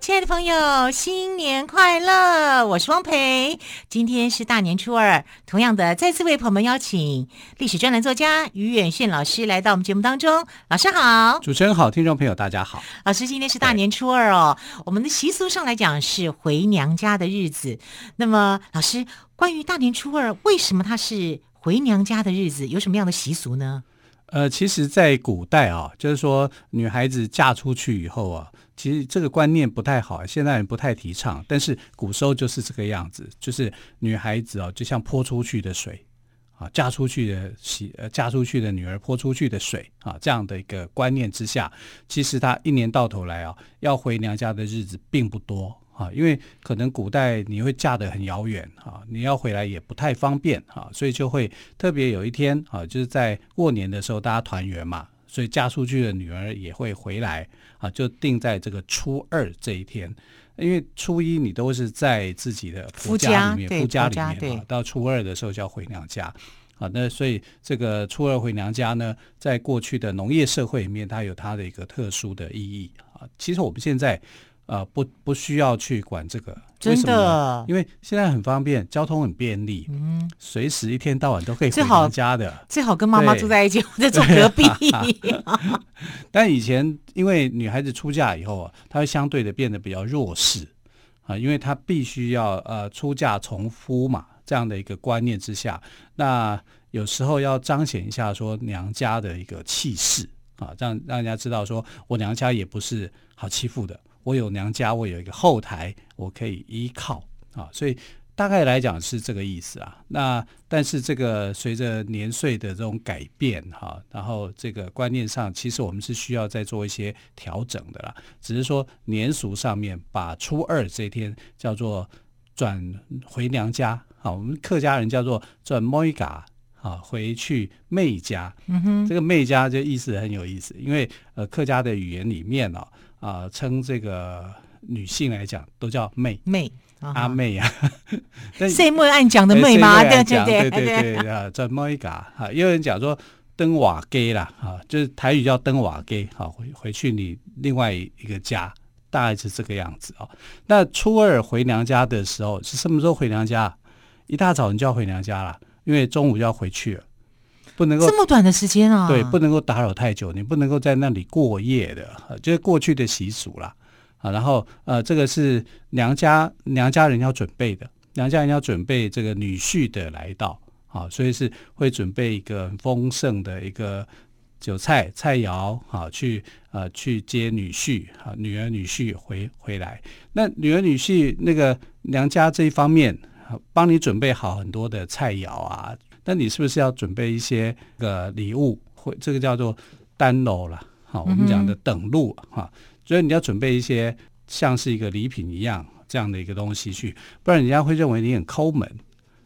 親愛的朋友，新年快樂！我是汪蓓，今天是大年初二。同樣的，再次為朋友們邀請歷史專欄作家於遠炫老師來到我們節目當中。老師好，主持人好，聽眾朋友大家好。老師，今天是大年初二哦。對我們的習俗上來講是回娘家的日子。那麼，老師，關於大年初二為什麼它是回娘家的日子，有什麼樣的習俗呢？呃，其實，在古代啊、哦，就是說女孩子嫁出去以後啊。其實這個觀念不太好，現在不太提倡。但是古時候就是這個樣子，就是女孩子哦，就像潑出去的水，啊，嫁出去的媳呃，嫁出去的女兒潑出去的水啊，這樣的一個觀念之下，其實她一年到頭來啊，要回娘家的日子並不多啊，因為可能古代你會嫁得很遙遠啊，你要回來也不太方便啊，所以就會特別有一天啊，就是在過年的時候大家團圓嘛。所以嫁出去的女兒也會回來啊，就定在這個初二這一天，因為初一你都是在自己的夫家裡面，夫家裡面嘛，到初二的時候就要回娘家。啊。那所以這個初二回娘家呢，在過去的農業社會裡面，它有它的一個特殊的意義啊。其實我們現在。啊、呃，不不需要去管這個，真的，因為現在很方便，交通很便利，嗯，隨時一天到晚都可以回娘家的，最好，最好跟媽媽住在一起，對我在住隔壁。啊、 但以前因為女孩子出嫁以後啊，她會相對的變得比較弱勢啊，因為她必須要呃出嫁從夫嘛，這樣的一個觀念之下，那有時候要彰顯一下說娘家的一個氣勢啊，這樣讓人家知道說我娘家也不是好欺負的。我有娘家，我有一個後台，我可以依靠啊，所以大概來講是這個意思啊。那但是這個隨着年歲的這種改變哈，然後這個觀念上，其實我們是需要再做一些調整的啦。只是說年俗上面，把初二這一天叫做轉回娘家啊，我們客家人叫做轉莫伊嘎啊，回去妹家。嗯哼，這個妹家就意思很有意思，因為呃，客家的語言裡面哦、啊。啊，稱、呃、這個女性來講，都叫妹妹，阿妹呀。但是妹按講的妹嘛，欸、對，對對，對對對，對，對，對啊，這某一噶啊，也有人講說登瓦街啦，啊，就是台語叫登瓦街，好、啊、回回去你另外一個家，大概是這個樣子啊。那初二回娘家的時候是什麼時候回娘家？一大早你就要回娘家了，因為中午要回去了。不能夠這麼短的時間啊！對，不能夠打擾太久，你不能夠在那裡過夜的，呃、就是過去的習俗啦，啊。然後呃，這個是娘家，娘家人要準備的，娘家人要準備這個女婿的來到啊，所以是會準備一個豐盛的一個酒菜菜餚啊，去啊、呃，去接女婿啊，女兒女婿回回來。那女兒女婿那個娘家這一方面、啊，幫你準備好很多的菜餚啊。那你是不是要準備一些個禮物？會，這個叫做單樓啦，好，我們講的等路哈、嗯哼啊，所以你要準備一些像是一個禮品一樣這樣的一個東西去，不然人家會認為你很摳門。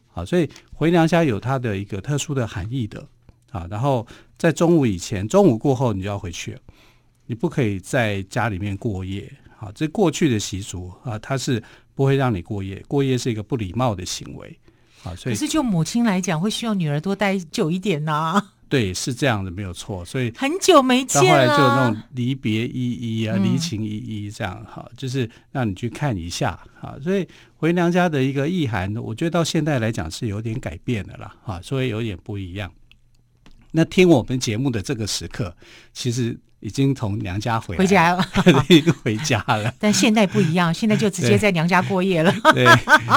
好、啊，所以回娘家有它的一個特殊的含義的。啊，然後在中午以前，中午過後你就要回去，你不可以在家裡面過夜。啊，這過去的習俗啊，它是不會讓你過夜，過夜是一個不禮貌的行為。啊，所以可是就母親來講，會希望女兒多待久一點吶、啊。對，是這樣的，沒有錯。所以很久沒見到後來就那種離別依依啊，嗯、離情依依這樣哈、啊，就是讓你去看一下哈、啊。所以回娘家的一個意涵，我覺得到現在來講是有點改變的啦。哈、啊，所以有點不一樣。那聽我們節目的這個時刻，其實。已經從娘家回回家了， 回家了。但現代不一樣，現在就直接在娘家過夜了。對，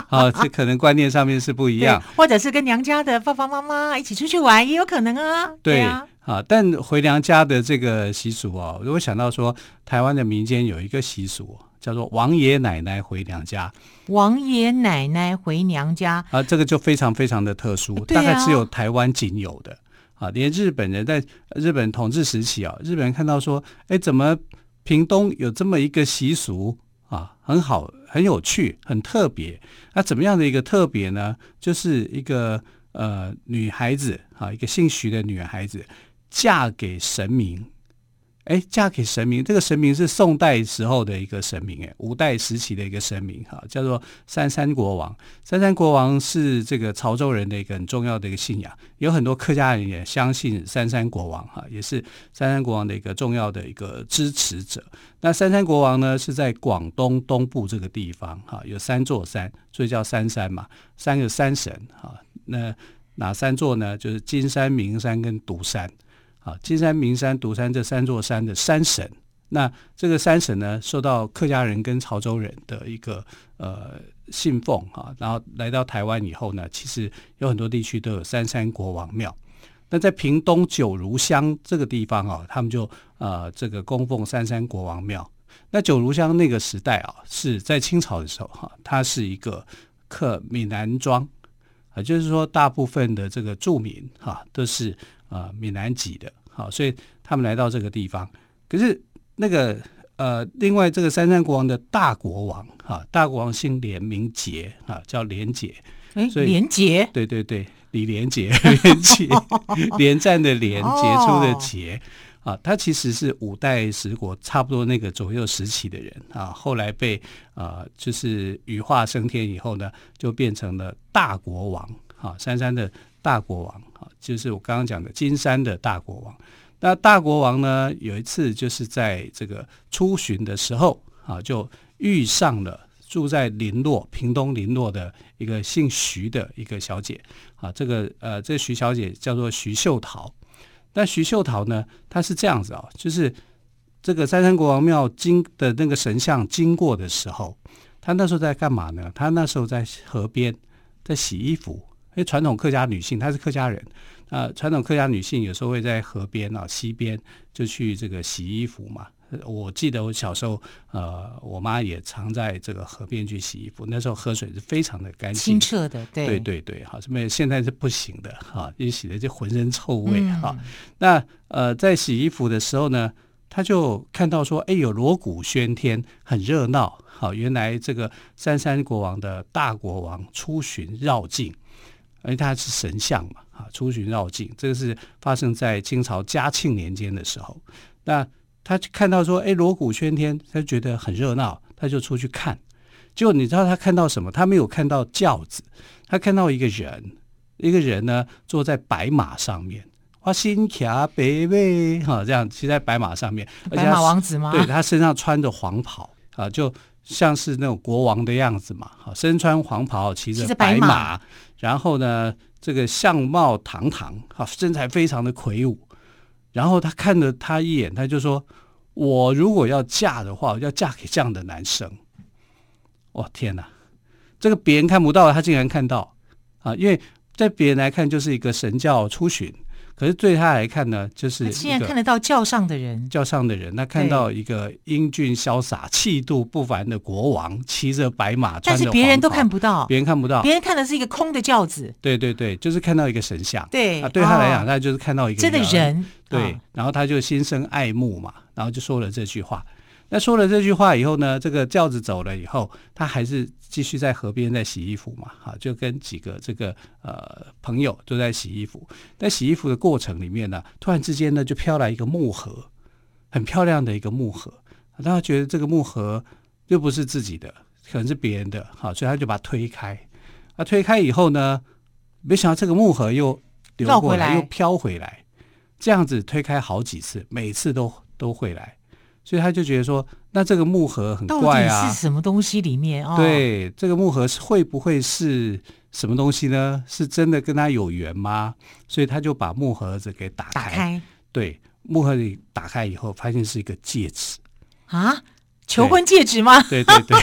好、哦，這可能觀念上面是不一樣。或者是跟娘家的爸爸媽媽一起出去玩也有可能啊。對，對啊，但回娘家的這個習俗哦，如果想到說台灣的民間有一個習俗、哦、叫做“王爺奶奶回娘家”，“王爺奶奶回娘家”啊，這個就非常非常的特殊，啊、大概只有台灣僅有的。啊，連日本人在日本統治時期啊，日本人看到說，哎、欸，怎麼屏東有這麼一個習俗啊，很好，很有趣，很特別。那、啊、怎麼樣的一個特別呢？就是一個呃女孩子啊，一個姓徐的女孩子嫁給神明。哎，嫁給神明，這個神明是宋代時候的一個神明，哎，五代時期的一個神明，哈，叫做三山國王。三山國王是這個潮州人的一個很重要的一個信仰，有很多客家人也相信三山國王，哈，也是三山國王的一個重要的一個支持者。那三山國王呢，是在廣東東部這個地方，哈，有三座山，所以叫三山嘛，三個山神，哈，那哪三座呢？就是金山、明山跟獨山。啊，金山、明山、獨山這三座山的山神，那這個山神呢，受到客家人跟潮州人的一個呃信奉哈、啊，然後來到台灣以後呢，其實有很多地區都有三山國王廟，那在屏東九如鄉這個地方啊，他們就呃這個供奉三山國王廟。那九如鄉那個時代啊，是在清朝的時候哈、啊，它是一個客閩南莊，也、啊、就是說大部分的這個住民，哈都是啊、呃、閩南籍的。好，所以他們來到這個地方。可是那個呃，另外這個三山國王的大國王，哈、啊，大國王姓連名傑，哈、啊，叫連傑。所以、欸、連傑，對對對，李連杰， 連傑，連戰的連，傑 出的傑。啊，他其實是五代十國差不多那個左右時期的人啊，後來被啊、呃，就是羽化升天以後呢，就變成了大國王，哈、啊，三山的大國王。啊，就是我剛剛講的金山的大國王。那大國王呢，有一次就是在這個出巡的時候，啊，就遇上了住在林洛，屏東林洛的一個姓徐的一個小姐。啊、這個呃，這個呃，這徐小姐叫做徐秀桃。但徐秀桃呢，她是這樣子啊、哦，就是這個三山國王廟經的那個神像經過的時候，她那時候在幹嘛呢？她那時候在河邊在洗衣服。因為傳統客家女性，她是客家人啊、呃。傳統客家女性有時候會在河邊啊、溪邊就去這個洗衣服嘛。我記得我小時候，呃，我媽也常在這個河邊去洗衣服。那時候河水是非常的乾淨、清澈的，對對，對對。好，這邊現在是不行的，哈、啊，一洗了就渾身臭味哈、嗯啊。那呃，在洗衣服的時候呢，她就看到說，哎呦，有鑼鼓喧天，很熱鬧。好、啊，原來這個三山國王的大國王出巡繞境。因為他是神像嘛，啊，出巡繞境，這個是發生在清朝嘉慶年間的時候。那他就看到說，哎，鑼鼓喧天，他就覺得很熱鬧，他就出去看。結果你知道他看到什麼？他沒有看到轎子，他看到一個人，一個人呢坐在白馬上面，哇，心卡貝貝」，哈，這樣騎在白馬上面，啊、白馬王子嗎？對，他身上穿着黃袍啊，就。像是那種國王的樣子嘛，好，身穿黃袍，騎着白馬，白馬，然後呢，這個相貌堂堂，好，身材非常的魁梧，然後他看了他一眼，他就說：“我如果要嫁的話，要嫁給這樣的男生。”哦，我天哪，這個別人看不到，他竟然看到啊！因為在別人來看，就是一個神轎出巡。可是對他來看呢，就是現在看得到轎上的人，轎上的人，他看到一個英俊瀟灑、氣度不凡的國王，騎着白馬，但是別人都看不到，別人看不到，別人看不到，別人看的是一個空的轎子。對對對，就是看到一個神像。對啊，對他來講，他就是看到一個人、啊、真的人。對，然後他就心生愛慕嘛，然後就說了這句話。那說了這句話以後呢，這個轎子走了以後，他還是繼續在河邊在洗衣服嘛，哈，就跟幾個這個呃朋友都在洗衣服。在洗衣服的過程裡面呢，突然之間呢，就飄來一個木盒，很漂亮的一個木盒。他覺得這個木盒又不是自己的，可能是別人的，哈，所以他就把它推開。啊，推開以後呢，沒想到這個木盒又流過來，又飄回來，這樣子推開好幾次，每次都都會來。所以他就覺得說，那這個木盒很怪啊，到底是什麼東西裡面哦，對，這個木盒是會不會是什麼東西呢？是真的跟他有緣嗎？所以他就把木盒子給打開，打開對，木盒子打開以後，發現是一個戒指啊，求婚戒指嗎？對對對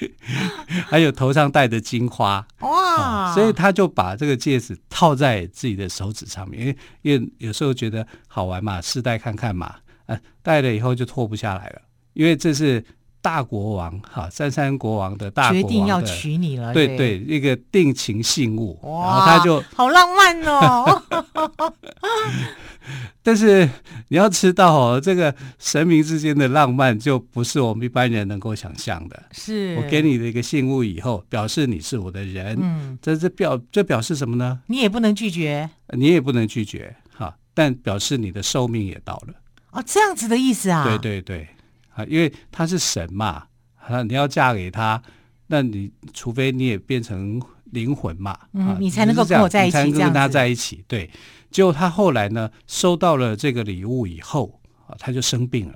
對， 還有頭上戴的金花哇、哦，所以他就把這個戒指套在自己的手指上面，因為因為有時候覺得好玩嘛，試戴看看嘛。哎，帶、呃、了以後就脫不下來了，因為這是大國王哈、啊，三山國王的大國王的決定要娶你了，對對，對，一個定情信物，哇然後他就好浪漫哦。 但是你要知道哦，這個神明之間的浪漫就不是我們一般人能夠想象的。是我給你的一個信物，以後表示你是我的人，嗯，這表這表這表示什麼呢？你也不能拒絕，你也不能拒絕哈、啊，但表示你的壽命也到了。哦，這樣子的意思啊？對對對，啊，因為他是神嘛，他、啊、你要嫁給他，那你除非你也變成靈魂嘛、啊嗯，你才能夠跟我在一起，你才能跟他在一起。對，結果他後來呢，收到了這個禮物以後啊，他就生病了，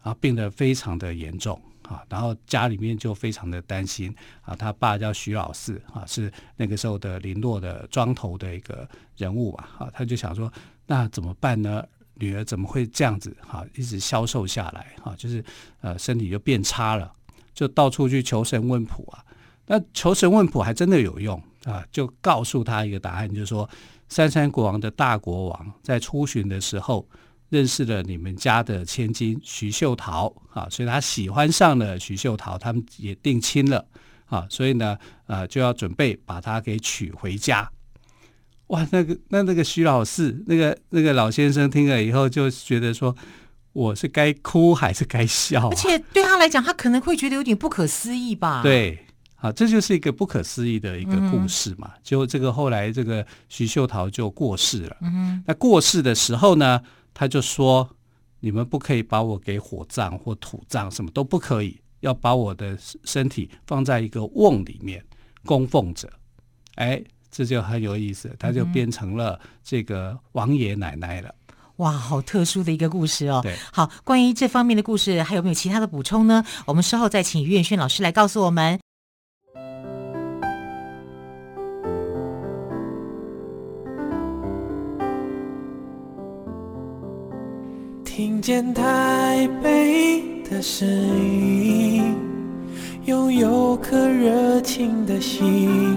啊，病得非常的嚴重啊，然後家裡面就非常的擔心啊，他爸叫徐老四啊，是那個時候的臨落的莊頭的一個人物吧、啊，啊，他就想說，那怎麼辦呢？女兒怎麼會這樣子哈？一直消瘦下來哈，就是呃身體就變差了，就到處去求神問卜啊。那求神問卜還真的有用啊，就告訴他一個答案，就是說三山國王的大國王在出巡的時候認識了你們家的千金徐秀桃啊，所以他喜歡上了徐秀桃，他們也定親了啊，所以呢呃就要準備把她給娶回家。哇，那個那那個徐老四，那個那個老先生聽了以後就覺得說，我是該哭還是該笑啊？而且對他來講，他可能會覺得有點不可思議吧？對，啊，這就是一個不可思議的一個故事嘛。嗯、哼就這個後來，這個徐秀桃就過世了。嗯、哼那過世的時候呢，他就說：“你們不可以把我給火葬或土葬，什麼都不可以，要把我的身體放在一個瓮裡面供奉着。”欸哎。這就很有意思，他就變成了這個王爺奶奶了。嗯、哇，好特殊的一個故事哦！對，好，關於這方面的故事還有沒有其他的補充呢？我們稍後再請余遠炫老師來告訴我們。聽見台北的聲音，擁有顆熱情的心。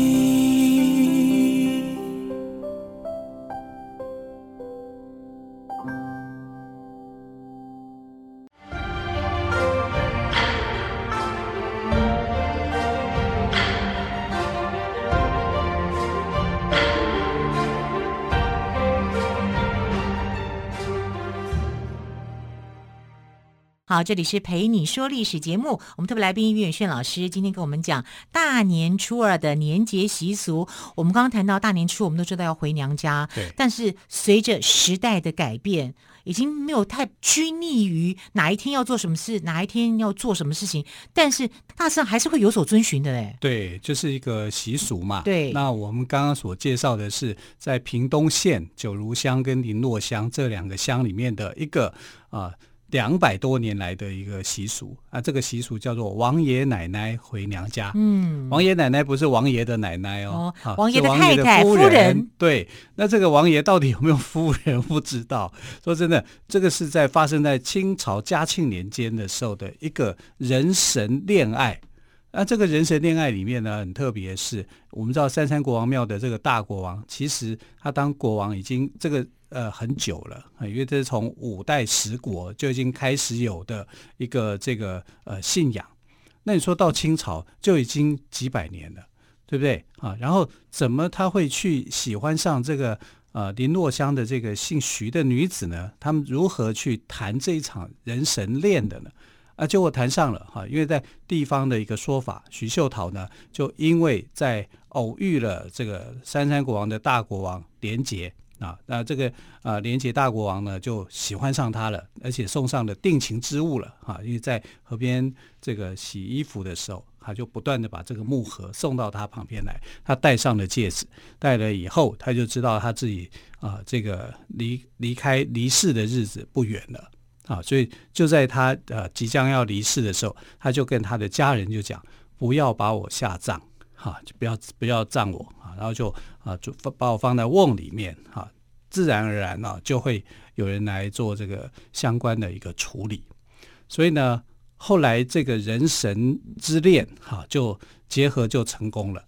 這裡是蓓你說歷史節目，我們特別來賓余遠炫老師，今天跟我們講大年初二的年節習俗。我們剛剛談到大年初，我們都知道要回娘家，對。但是隨着時代的改變，已經沒有太拘泥於哪一天要做什麼事，哪一天要做什麼事情。但是大致上還是會有所遵循的哎，對，就是一個習俗嘛。對。那我們剛剛所介紹的是在屏東縣九如鄉跟麟洛鄉這兩個鄉裡面的一個啊。呃兩百多年來的一個習俗啊，這個習俗叫做“王爺奶奶回娘家”。嗯，王爺奶奶不是王爺的奶奶哦，哦，王爺的太太、啊、夫人。夫人，對，那這個王爺到底有沒有夫人，不知道。說真的，這個是在發生在清朝嘉慶年間的時候的一個人神戀愛。那這個人神戀愛裡面呢，很特別是，我們知道三山國王廟的這個大國王，其實他當國王已經這個呃很久了啊，因為這是從五代十國就已經開始有的一個這個呃信仰。那你說到清朝就已經幾百年了，對不對啊？然後怎麼他會去喜歡上這個呃麟洛鄉的這個姓徐的女子呢？他們如何去談這一場人神戀的呢？那結果談上了哈，因為在地方的一個說法，徐秀桃呢，就因為在偶遇了這個三山國王的大國王連杰啊，那這個啊連杰大國王呢，就喜歡上他了，而且送上了定情之物了哈，啊，因為在河邊這個洗衣服的時候，他就不斷的把這個木盒送到他旁邊來，他戴上了戒指，戴了以後，他就知道他自己啊這個離離開離世的日子不遠了。啊，所以就在他呃即將要離世的時候，他就跟他的家人就講，不要把我下葬，哈、啊，就不要不要葬我啊，然後就啊就把我放在甕裡面，哈、啊，自然而然呢、啊、就會有人來做這個相關的一個處理。所以呢，後來這個人神之戀，哈、啊，就結合就成功了。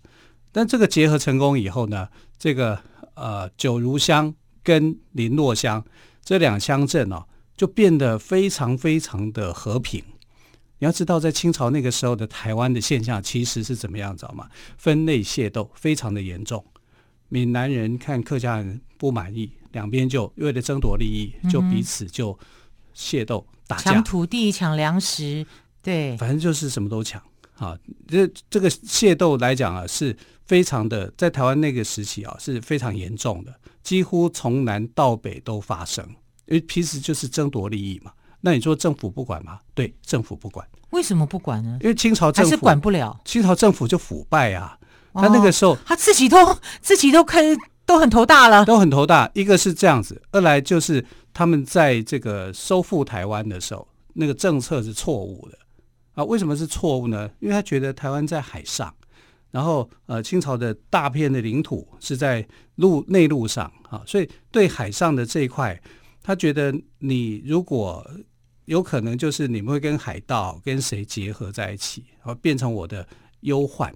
但這個結合成功以後呢，這個呃九如鄉跟麟洛鄉這兩鄉鎮哦。就變得非常非常的和平。你要知道，在清朝那個時候的台灣的現象，其實是怎麼樣，知道嗎？分類械鬥非常的嚴重。閩南人看客家人不滿意，兩邊就為了爭奪利益，就彼此就械鬥、嗯嗯、打架，搶土地、搶糧食，對，反正就是什麼都搶。啊，這這個械鬥來講啊，是非常的，在台灣那個時期啊，是非常嚴重的，幾乎從南到北都發生。因為平時就是爭奪利益嘛，那你說政府不管嗎？對，政府不管。為什麼不管呢？因為清朝政府還是管不了。清朝政府就腐敗啊！哦、他那個時候他自己都自己都開都很頭大了，都很頭大。一個是這樣子，二來就是他們在這個收復台灣的時候，那個政策是錯誤的啊。為什麼是錯誤呢？因為他覺得台灣在海上，然後呃，清朝的大片的領土是在陸內陸上啊，所以對海上的這一塊。他覺得你如果有可能，就是你們會跟海盜跟誰結合在一起，然後變成我的憂患。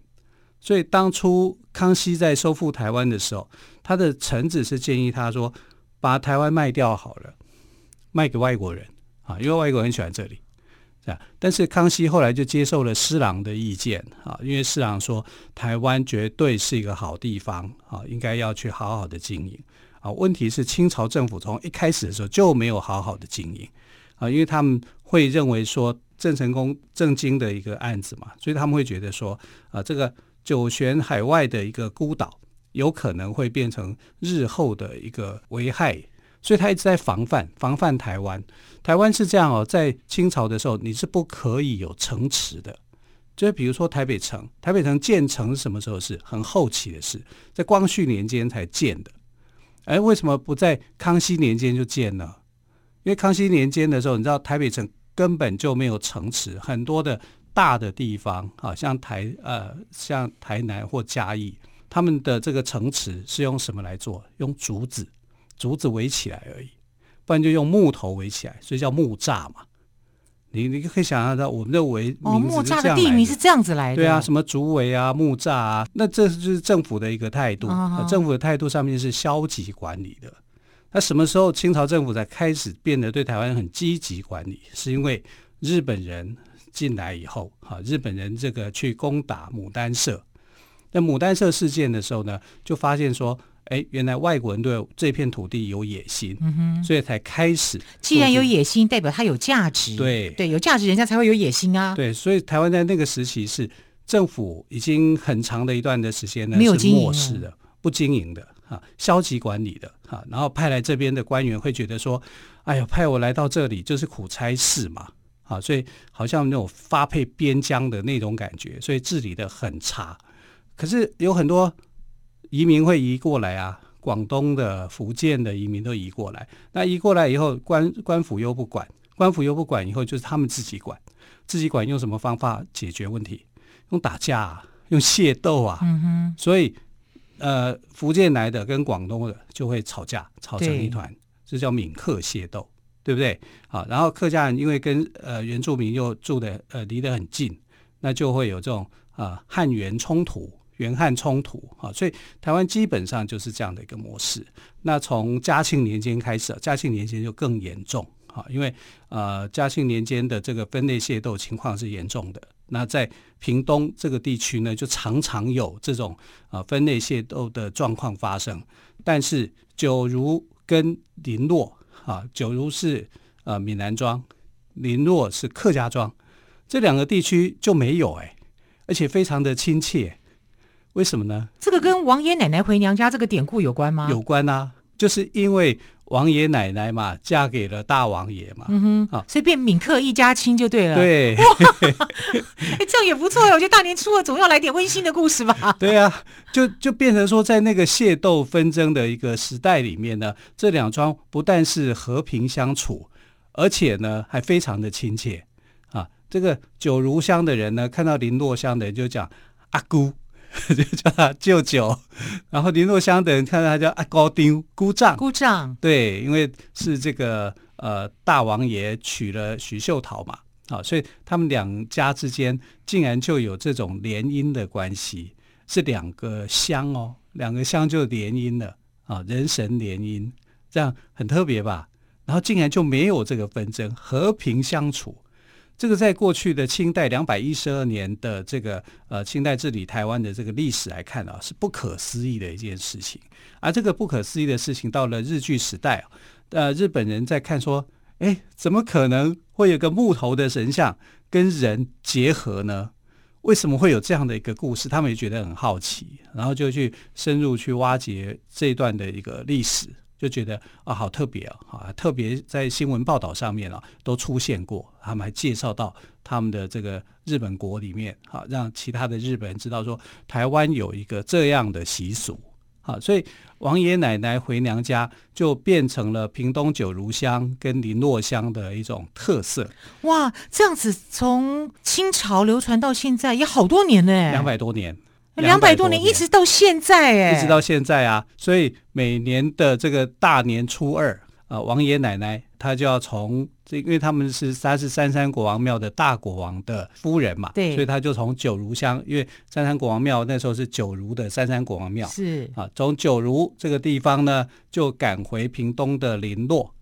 所以當初康熙在收復台灣的時候，他的臣子是建議他說，把台灣賣掉好了，賣給外國人啊，因為外國人喜歡這裡。這樣，但是康熙後來就接受了施琅的意見啊，因為施琅說台灣絕對是一個好地方啊，應該要去好好的經營。啊，問題是清朝政府從一開始的時候就沒有好好的經營啊，因為他們會認為說鄭成功鄭經的一個案子嘛，所以他們會覺得說啊，這個孤懸海外的一個孤島有可能會變成日後的一個危害，所以他一直在防範防範台灣。台灣是這樣哦，在清朝的時候你是不可以有城池的，就比如說台北城，台北城建城是什麼時候？是很後期的事，在光緒年間才建的。哎、欸，為什麼不在康熙年間就建呢？因為康熙年間的時候，你知道台北城根本就沒有城池，很多的大的地方，啊，像台，呃，像台南或嘉義，他們的這個城池是用什麼來做？用竹子，竹子圍起來而已，不然就用木頭圍起來，所以叫木柵嘛。你你可以想象到，我們認為木柵的地名是這樣子來的。對啊，什麼竹圍啊、木柵啊，那這就是政府的一個態度、啊。政府的態度上面是消極管理的。那什麼時候清朝政府才開始變得對台灣很積極管理？是因為日本人進來以後，哈、啊，日本人這個去攻打牡丹社。那牡丹社事件的時候呢，就發現說。哎，原來外國人對這片土地有野心，嗯、哼所以才開始。既然有野心，代表他有價值。對對，有價值，人家才會有野心啊。對，所以台灣在那個時期是政府已經很長的一段的時間呢，沒有是漠視的、不經營的啊，消極管理的啊。然後派來這邊的官員會覺得說：“哎呀，派我來到這裡就是苦差事嘛啊！”所以好像那種發配邊疆的那種感覺，所以治理的很差。可是有很多。移民會移過來啊，廣東的、福建的移民都移過來。那移過來以後官，官官府又不管，官府又不管，以後就是他們自己管，自己管用什麼方法解決問題？用打架、啊，用械鬥啊。嗯、哼所以，呃，福建來的跟廣東的就會吵架，吵成一團，對這叫閩客械鬥，對不對？好、啊，然後客家人因為跟呃原住民又住的呃離得很近，那就會有這種啊、呃、漢原衝突。原漢衝突啊，所以台灣基本上就是這樣的一個模式。那從嘉慶年間開始，嘉慶年間就更嚴重啊，因為呃嘉慶年間的這個分類械鬥情況是嚴重的。那在屏東這個地區呢，就常常有這種啊、呃、分類械鬥的狀況發生。但是九如跟麟洛啊，九如是呃閩南莊，麟洛是客家莊，這兩個地區就沒有哎、欸，而且非常的親切。為什麼呢？這個跟王爺奶奶回娘家這個典故有關嗎？有關啊，就是因為王爺奶奶嘛，嫁給了大王爺嘛，嗯、哼啊，所以變閩客一家親就對了。對哇、 欸、這樣也不錯喲。我覺得大年初二總要來點溫馨的故事吧。 對啊，就就變成說，在那個械鬥紛爭的一個時代裡面呢，這兩樁不但是和平相處，而且呢還非常的親切啊。這個九如鄉的人呢，看到麟洛鄉的人就講阿姑。 就叫他舅舅，然後林若香等人看到他叫、啊、高丁姑丈、姑丈葬對，因為是這個呃大王爺娶了徐秀桃嘛，啊，所以他們兩家之間竟然就有這種聯姻的關係，是兩個鄉哦，兩個鄉就聯姻了啊，人神聯姻，這樣很特別吧？然後竟然就沒有這個紛爭，和平相處。這個在過去的清代兩百一十二年的這個呃清代治理台灣的這個歷史來看啊，是不可思議的一件事情。而、啊、這個不可思議的事情，到了日據時代、啊、呃，日本人在看說，誒，怎麼可能會有個木頭的神像跟人結合呢？為什麼會有這樣的一個故事？他們也覺得很好奇，然後就去深入去挖掘這一段的一個歷史。就覺得啊，好特別啊，特別在新聞報道上面啊，都出現過。他們還介紹到他們的這個日本國裡面啊，讓其他的日本人知道說，台灣有一個這樣的習俗啊，所以王爺奶奶回娘家就變成了屏東九如鄉跟麟洛鄉的一種特色。哇，這樣子從清朝流傳到現在也好多年呢，兩百多年。兩百多年、啊、一直到現在哎，一直到現在啊，所以每年的這個大年初二啊、呃，王爺奶奶她就要從這，因為他們是他是三山國王廟的大國王的夫人嘛，對，所以他就從九如鄉，因為三山國王廟那時候是九如的三山國王廟，是啊，從九如這個地方呢，就趕回屏東的麟洛。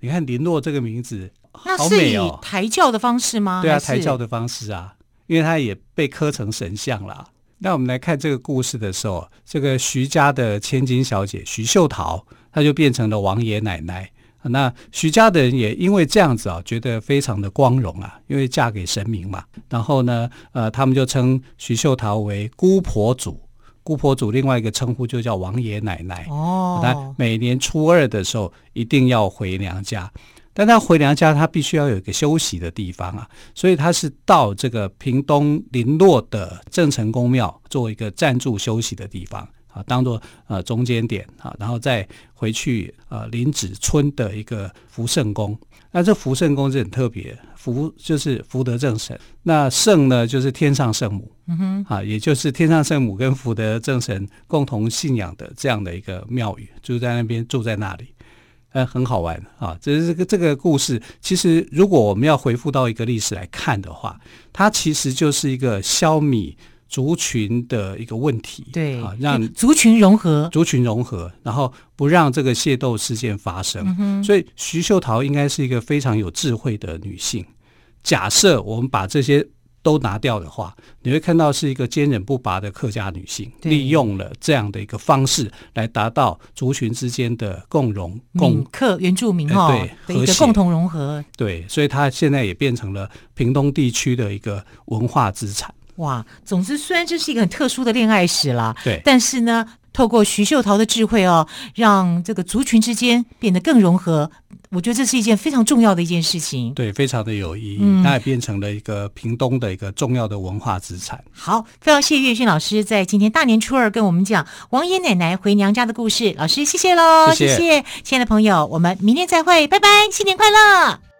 你看麟洛這個名字好美、哦，那是以抬轎的方式嗎？對啊，抬轎的方式啊，因為他也被刻成神像了。那我們來看這個故事的時候，這個徐家的千金小姐徐秀桃，她就變成了王爺奶奶。那徐家的人也因為這樣子啊，覺得非常的光榮啊，因為嫁給神明嘛。然後呢，呃，他們就稱徐秀桃為姑婆祖，姑婆祖另外一個稱呼就叫王爺奶奶。哦，那每年初二的時候一定要回娘家。但他回娘家，他必須要有一個休息的地方啊，所以他是到這個屏東林洛的鄭成功廟做一個暫住休息的地方啊，當做呃中間點啊，然後再回去呃林子村的一個福聖宮。那這福聖宮是很特別，福就是福德正神，那聖呢就是天上聖母，嗯哼啊，也就是天上聖母跟福德正神共同信仰的這樣的一個廟宇，就在那邊，住在那裡。呃、很好玩啊！這這個這個故事。其實，如果我們要回復到一個歷史來看的話，它其實就是一個消弭族群的一個問題。對，啊，讓族群融合，族群融合，然後不讓這個械鬥事件發生。嗯、哼所以，徐秀桃應該是一個非常有智慧的女性。假設我們把這些。都拿掉的話，你會看到是一個堅韌不拔的客家女性，對利用了這樣的一個方式來達到族群之間的共融、共克、原住民哈、哎、解的一個共同融合。對，所以她現在也變成了屏東地區的一個文化資產。哇，總之，雖然這是一個很特殊的戀愛史啦，對，但是呢，透過徐秀桃的智慧哦，讓這個族群之間變得更融合。我覺得這是一件非常重要的一件事情，對，非常的有意義，嗯。它也變成了一個屏東的一個重要的文化資產。好，非常謝謝岳迅老師在今天大年初二跟我們講王爺奶奶回娘家的故事，老師謝謝嘍，謝謝，謝謝，親愛的朋友，我們明天再會，拜拜，新年快樂。